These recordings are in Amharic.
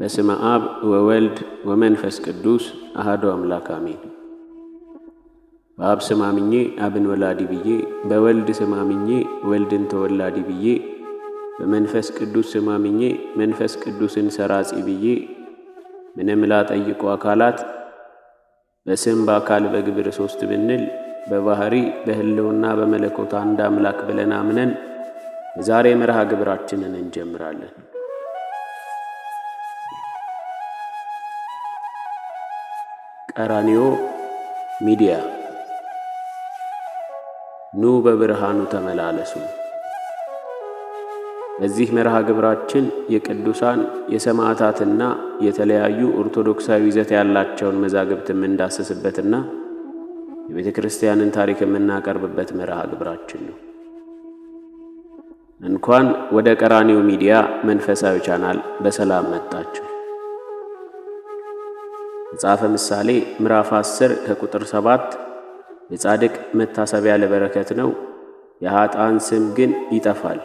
በስመ አብ ወወልድ ወመንፈስ ቅዱስ አህዶ አምላክ አሜን። በአብ ስም አምኜ አብን ወላዲ ብዬ፣ በወልድ ስም አምኜ ወልድን ተወላዲ ብዬ፣ በመንፈስ ቅዱስ ስም አምኜ መንፈስ ቅዱስን ሰራጺ ብዬ ምንም ላጠይቁ አካላት በስም በአካል በግብር ሶስት ብንል በባህሪ በህልውና በመለኮት አንድ አምላክ ብለን አምነን የዛሬ መርሃ ግብራችንን እንጀምራለን። ቀራንዮ ሚዲያ ኑ በብርሃኑ ተመላለሱ። በዚህ መርሃ ግብራችን የቅዱሳን የሰማዕታትና የተለያዩ ኦርቶዶክሳዊ ይዘት ያላቸውን መዛግብት የምንዳስስበትና የቤተ ክርስቲያንን ታሪክ የምናቀርብበት መርሃ ግብራችን ነው። እንኳን ወደ ቀራኒዮ ሚዲያ መንፈሳዊ ቻናል በሰላም መጣችሁ። መጽሐፈ ምሳሌ ምዕራፍ 10 ከቁጥር 7 የጻድቅ መታሰቢያ ለበረከት ነው፣ የኃጥአን ስም ግን ይጠፋል።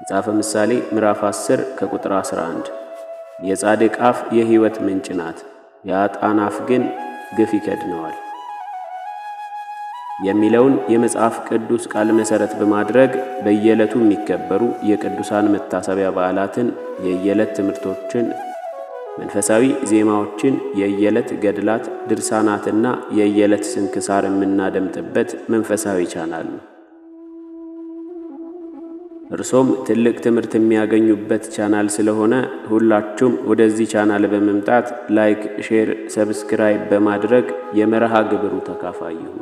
መጽሐፈ ምሳሌ ምዕራፍ 10 ከቁጥር 11 የጻድቅ አፍ የሕይወት ምንጭ ናት፣ የኃጥአን አፍ ግን ግፍ ይከድነዋል የሚለውን የመጽሐፍ ቅዱስ ቃል መሠረት በማድረግ በየዕለቱ የሚከበሩ የቅዱሳን መታሰቢያ በዓላትን የየዕለት ትምህርቶችን መንፈሳዊ ዜማዎችን፣ የየዕለት ገድላት፣ ድርሳናትና የየዕለት ስንክሳር የምናደምጥበት መንፈሳዊ ቻናል ነው። እርሶም ትልቅ ትምህርት የሚያገኙበት ቻናል ስለሆነ ሁላችሁም ወደዚህ ቻናል በመምጣት ላይክ፣ ሼር፣ ሰብስክራይብ በማድረግ የመርሃ ግብሩ ተካፋይ ይሁኑ።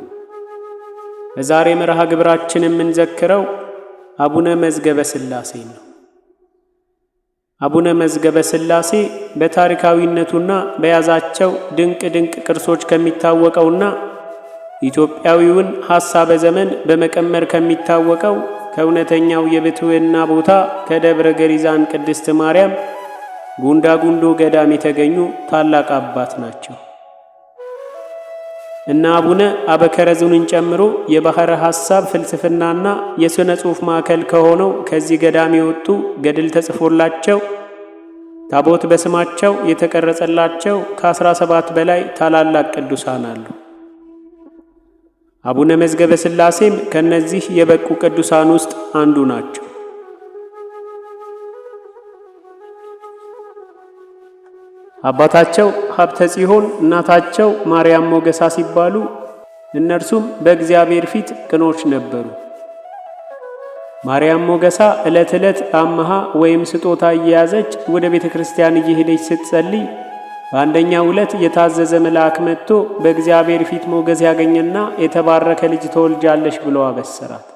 በዛሬ መርሃ ግብራችን የምንዘክረው አቡነ መዝገበ ሥላሴ ነው። አቡነ መዝገበ ሥላሴ በታሪካዊነቱና በያዛቸው ድንቅ ድንቅ ቅርሶች ከሚታወቀውና ኢትዮጵያዊውን ሐሳበ ዘመን በመቀመር ከሚታወቀው ከእውነተኛው የብሕትውና ቦታ ከደብረ ገሪዛን ቅድስት ማርያም ጉንዳጉንዶ ገዳም የተገኙ ታላቅ አባት ናቸው። እና አቡነ አበከረዝንን ጨምሮ የባህረ ሐሳብ ፍልስፍናና የሥነ ጽሑፍ ማዕከል ከሆነው ከዚህ ገዳም የወጡ ገድል ተጽፎላቸው ታቦት በስማቸው የተቀረጸላቸው ከአስራ ሰባት በላይ ታላላቅ ቅዱሳን አሉ። አቡነ መዝገበ ሥላሴም ከእነዚህ የበቁ ቅዱሳን ውስጥ አንዱ ናቸው። አባታቸው ሀብተ ጽዮን እናታቸው ማርያም ሞገሳ ሲባሉ እነርሱም በእግዚአብሔር ፊት ቅኖች ነበሩ። ማርያም ሞገሳ ዕለት ዕለት አመሃ ወይም ስጦታ እየያዘች ወደ ቤተ ክርስቲያን እየሄደች ስትጸልይ በአንደኛው ዕለት የታዘዘ መልአክ መጥቶ በእግዚአብሔር ፊት ሞገስ ያገኘና የተባረከ ልጅ ተወልጃለሽ ብሎ አበሰራት።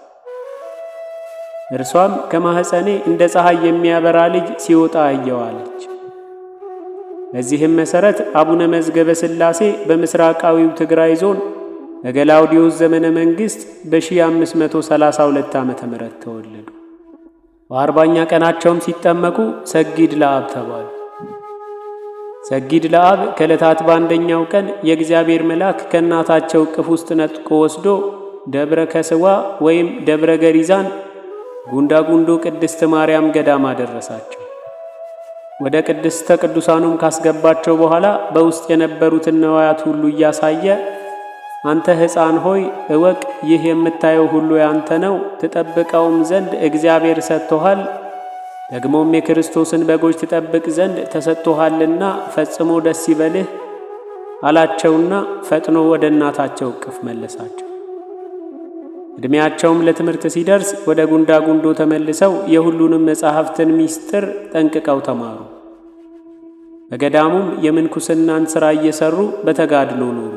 እርሷም ከማኅፀኔ እንደ ፀሐይ የሚያበራ ልጅ ሲወጣ እየዋለች በዚህም መሠረት አቡነ መዝገበ ሥላሴ በምሥራቃዊው ትግራይ ዞን በገላውዲዮስ ዘመነ መንግሥት በ532 ዓ ም ተወለዱ። በአርባኛ ቀናቸውም ሲጠመቁ ሰጊድ ለአብ ተባሉ። ሰጊድ ለአብ ከዕለታት በአንደኛው ቀን የእግዚአብሔር መልአክ ከእናታቸው ቅፍ ውስጥ ነጥቆ ወስዶ ደብረ ከስዋ ወይም ደብረ ገሪዛን ጉንዳጉንዶ ቅድስት ማርያም ገዳም አደረሳቸው። ወደ ቅድስተ ቅዱሳኑም ካስገባቸው በኋላ በውስጥ የነበሩትን ነዋያት ሁሉ እያሳየ አንተ ሕፃን ሆይ እወቅ፣ ይህ የምታየው ሁሉ ያንተ ነው፣ ትጠብቀውም ዘንድ እግዚአብሔር ሰጥቶሃል። ደግሞም የክርስቶስን በጎች ትጠብቅ ዘንድ ተሰጥቶሃልና ፈጽሞ ደስ ይበልህ አላቸውና ፈጥኖ ወደ እናታቸው እቅፍ መለሳቸው። ዕድሜያቸውም ለትምህርት ሲደርስ ወደ ጉንዳ ጉንዶ ተመልሰው የሁሉንም መጻሕፍትን ምስጢር ጠንቅቀው ተማሩ። በገዳሙም የምንኩስናን ሥራ እየሠሩ በተጋድሎ ኖሩ።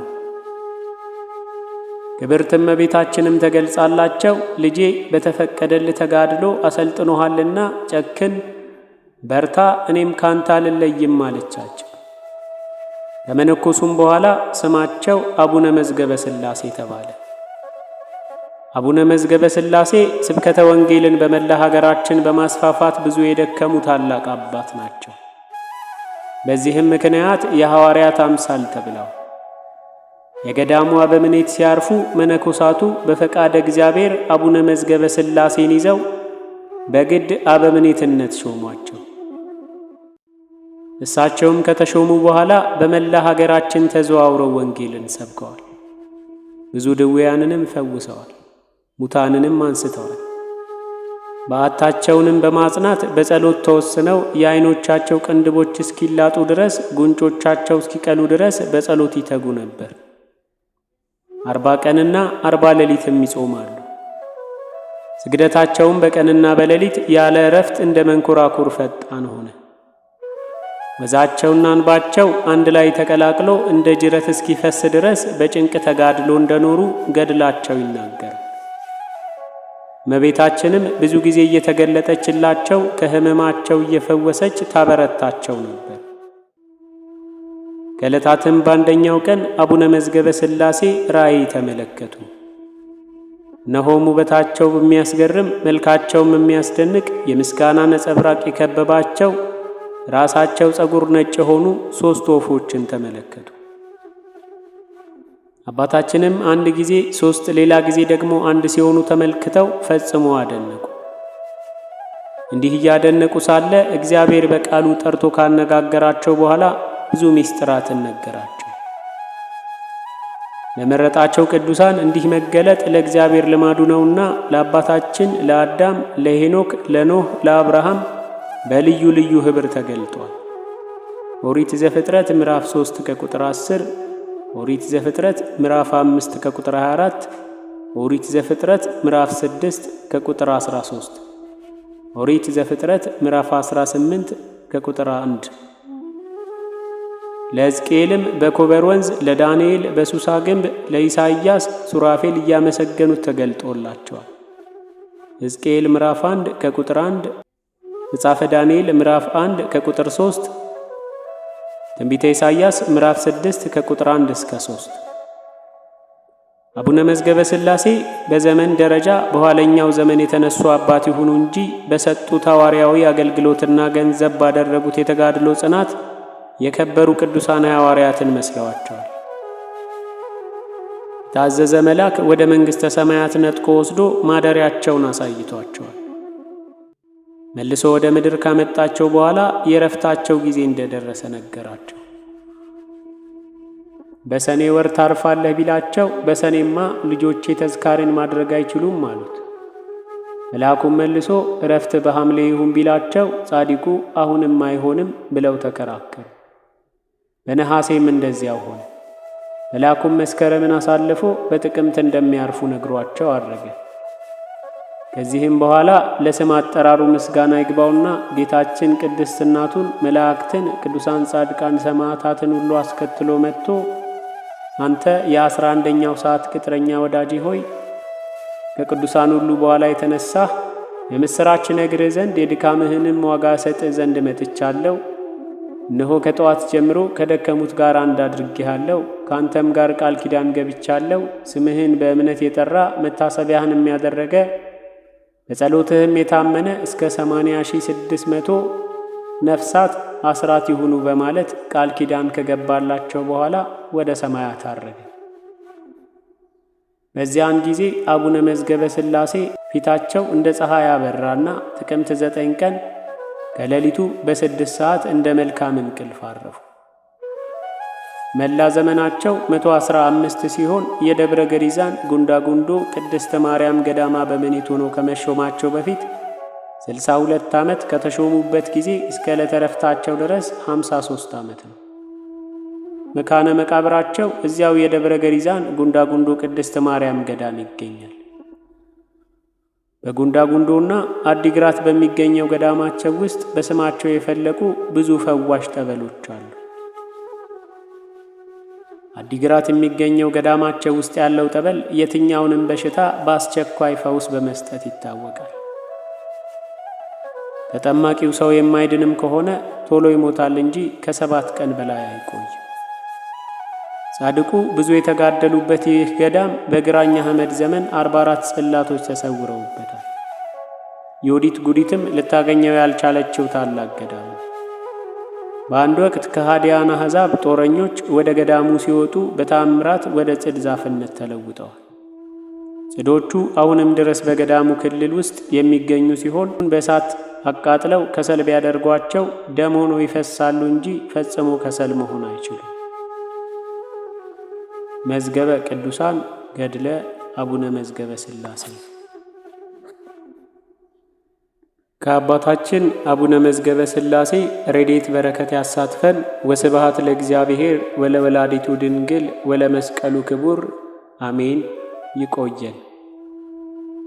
ክብርት እመቤታችንም ተገልጻላቸው ልጄ በተፈቀደል ተጋድሎ አሰልጥኖሃልና ጨክን፣ በርታ፣ እኔም ካንተ አልለይም አለቻቸው። ከመነኮሱም በኋላ ስማቸው አቡነ መዝገበ ሥላሴ ተባለ። አቡነ መዝገበ ሥላሴ ስብከተ ወንጌልን በመላ ሀገራችን በማስፋፋት ብዙ የደከሙ ታላቅ አባት ናቸው። በዚህም ምክንያት የሐዋርያት አምሳል ተብለው የገዳሙ አበምኔት ሲያርፉ መነኮሳቱ በፈቃደ እግዚአብሔር አቡነ መዝገበ ሥላሴን ይዘው በግድ አበምኔትነት ሾሟቸው። እሳቸውም ከተሾሙ በኋላ በመላ ሀገራችን ተዘዋውረው ወንጌልን ሰብከዋል። ብዙ ድውያንንም ፈውሰዋል፣ ሙታንንም አንስተዋል። በዓታቸውንም በማጽናት በጸሎት ተወስነው የዓይኖቻቸው ቅንድቦች እስኪላጡ ድረስ ጉንጮቻቸው እስኪቀሉ ድረስ በጸሎት ይተጉ ነበር። አርባ ቀንና አርባ ሌሊትም ይጾማሉ። ስግደታቸውም በቀንና በሌሊት ያለ እረፍት እንደ መንኮራኩር ፈጣን ሆነ። መዛቸውና እንባቸው አንድ ላይ ተቀላቅሎ እንደ ጅረት እስኪፈስ ድረስ በጭንቅ ተጋድሎ እንደኖሩ ገድላቸው ይናገራል። እመቤታችንም ብዙ ጊዜ እየተገለጠችላቸው ከሕመማቸው እየፈወሰች ታበረታቸው ነበር። ከዕለታትም በአንደኛው ቀን አቡነ መዝገበ ሥላሴ ራእይ ተመለከቱ። እነሆም ውበታቸው የሚያስገርም መልካቸውም የሚያስደንቅ የምስጋና ነጸብራቅ የከበባቸው ራሳቸው ጸጉር ነጭ የሆኑ ሦስት ወፎችን ተመለከቱ። አባታችንም አንድ ጊዜ ሶስት ሌላ ጊዜ ደግሞ አንድ ሲሆኑ ተመልክተው ፈጽሞ አደነቁ። እንዲህ እያደነቁ ሳለ እግዚአብሔር በቃሉ ጠርቶ ካነጋገራቸው በኋላ ብዙ ምስጢራትን ነገራቸው። ለመረጣቸው ቅዱሳን እንዲህ መገለጥ ለእግዚአብሔር ልማዱ ነውና ለአባታችን ለአዳም፣ ለሄኖክ፣ ለኖህ፣ ለአብርሃም በልዩ ልዩ ኅብር ተገልጧል። ኦሪት ዘፍጥረት ምዕራፍ 3 ከቁጥር 10 ኦሪት ዘፍጥረት ምዕራፍ 5 ከቁጥር 24፣ ኦሪት ዘፍጥረት ምዕራፍ 6 ከቁጥር 13፣ ኦሪት ዘፍጥረት ምዕራፍ 18 ከቁጥር 1። ለሕዝቅኤልም በኮበር ወንዝ፣ ለዳንኤል በሱሳ ግንብ፣ ለኢሳይያስ ሱራፌል እያመሰገኑት ተገልጦላቸዋል። ሕዝቅኤል ምዕራፍ 1 ከቁጥር 1፣ መጽሐፈ ዳንኤል ምዕራፍ 1 ከቁጥር 3 ትንቢተ ኢሳይያስ ምዕራፍ 6 ከቁጥር 1 እስከ 3። አቡነ መዝገበ ሥላሴ በዘመን ደረጃ በኋለኛው ዘመን የተነሱ አባት ይሁኑ እንጂ በሰጡት ሐዋርያዊ አገልግሎትና ገንዘብ ባደረጉት የተጋድሎ ጽናት የከበሩ ቅዱሳን ሐዋርያትን መስለዋቸዋል። ታዘዘ መልአክ ወደ መንግሥተ ሰማያት ነጥቆ ወስዶ ማደሪያቸውን አሳይቷቸዋል። መልሶ ወደ ምድር ካመጣቸው በኋላ የእረፍታቸው ጊዜ እንደደረሰ ነገራቸው። በሰኔ ወር ታርፋለህ ቢላቸው በሰኔማ ልጆቼ ተዝካሬን ማድረግ አይችሉም አሉት። መልአኩም መልሶ እረፍት በሐምሌ ይሁን ቢላቸው ጻዲቁ አሁንም አይሆንም ብለው ተከራከሩ። በነሐሴም እንደዚያው ሆነ። መልአኩም መስከረምን አሳልፎ በጥቅምት እንደሚያርፉ ነግሯቸው አድረገ። ከዚህም በኋላ ለስም አጠራሩ ምስጋና ይግባውና ጌታችን ቅድስት እናቱን መላእክትን፣ ቅዱሳን ጻድቃን፣ ሰማዕታትን ሁሉ አስከትሎ መጥቶ አንተ የአስራ አንደኛው ሰዓት ቅጥረኛ ወዳጄ ሆይ ከቅዱሳን ሁሉ በኋላ የተነሳህ የምሥራች ነግርህ ዘንድ የድካምህንም ዋጋ ሰጥህ ዘንድ መጥቻለሁ። እነሆ ከጠዋት ጀምሮ ከደከሙት ጋር አንድ አድርጌሃለሁ። ከአንተም ጋር ቃል ኪዳን ገብቻለሁ። ስምህን በእምነት የጠራ መታሰቢያህን የሚያደረገ በጸሎትህም የታመነ እስከ ሰማንያ ነፍሳት አስራት ይሁኑ በማለት ቃል ኪዳን ከገባላቸው በኋላ ወደ ሰማያት አረገ። በዚያን ጊዜ አቡነ መዝገበ ሥላሴ ፊታቸው እንደ ፀሐይ አበራና ጥቅምት ዘጠኝ ቀን ከሌሊቱ በስድስት ሰዓት እንደ መልካም እንቅልፍ አረፉ። መላ ዘመናቸው 115 ሲሆን የደብረ ገሪዛን ጉንዳጉንዶ ቅድስተ ማርያም ገዳማ በመኔት ሆኖ ከመሾማቸው በፊት 62 ዓመት ከተሾሙበት ጊዜ እስከ ለተረፍታቸው ድረስ 53 ዓመት ነው። መካነ መቃብራቸው እዚያው የደብረ ገሪዛን ጉንዳጉንዶ ቅድስተ ማርያም ገዳም ይገኛል። በጉንዳጉንዶና አዲግራት በሚገኘው ገዳማቸው ውስጥ በስማቸው የፈለቁ ብዙ ፈዋሽ ጠበሎች አሉ። አዲግራት የሚገኘው ገዳማቸው ውስጥ ያለው ጠበል የትኛውንም በሽታ በአስቸኳይ ፈውስ በመስጠት ይታወቃል። ተጠማቂው ሰው የማይድንም ከሆነ ቶሎ ይሞታል እንጂ ከሰባት ቀን በላይ አይቆይም። ጻድቁ ብዙ የተጋደሉበት ይህ ገዳም በግራኝ አህመድ ዘመን 44 ጽላቶች ተሰውረውበታል። ዮዲት ጉዲትም ልታገኘው ያልቻለችው ታላቅ ገዳም ነው። በአንድ ወቅት ከሃዲያን አሕዛብ ጦረኞች ወደ ገዳሙ ሲወጡ በታምራት ወደ ጽድ ዛፍነት ተለውጠዋል። ጽዶቹ አሁንም ድረስ በገዳሙ ክልል ውስጥ የሚገኙ ሲሆን በእሳት አቃጥለው ከሰል ቢያደርጓቸው ደም ሆኖ ይፈሳሉ እንጂ ፈጽሞ ከሰል መሆን አይችሉም። መዝገበ ቅዱሳን ገድለ አቡነ መዝገበ ሥላሴ ከአባታችን አቡነ መዝገበ ሥላሴ ረዴት በረከት ያሳትፈን። ወስብሃት ለእግዚአብሔር ወለወላዲቱ ድንግል ወለመስቀሉ ክቡር አሜን። ይቆየን።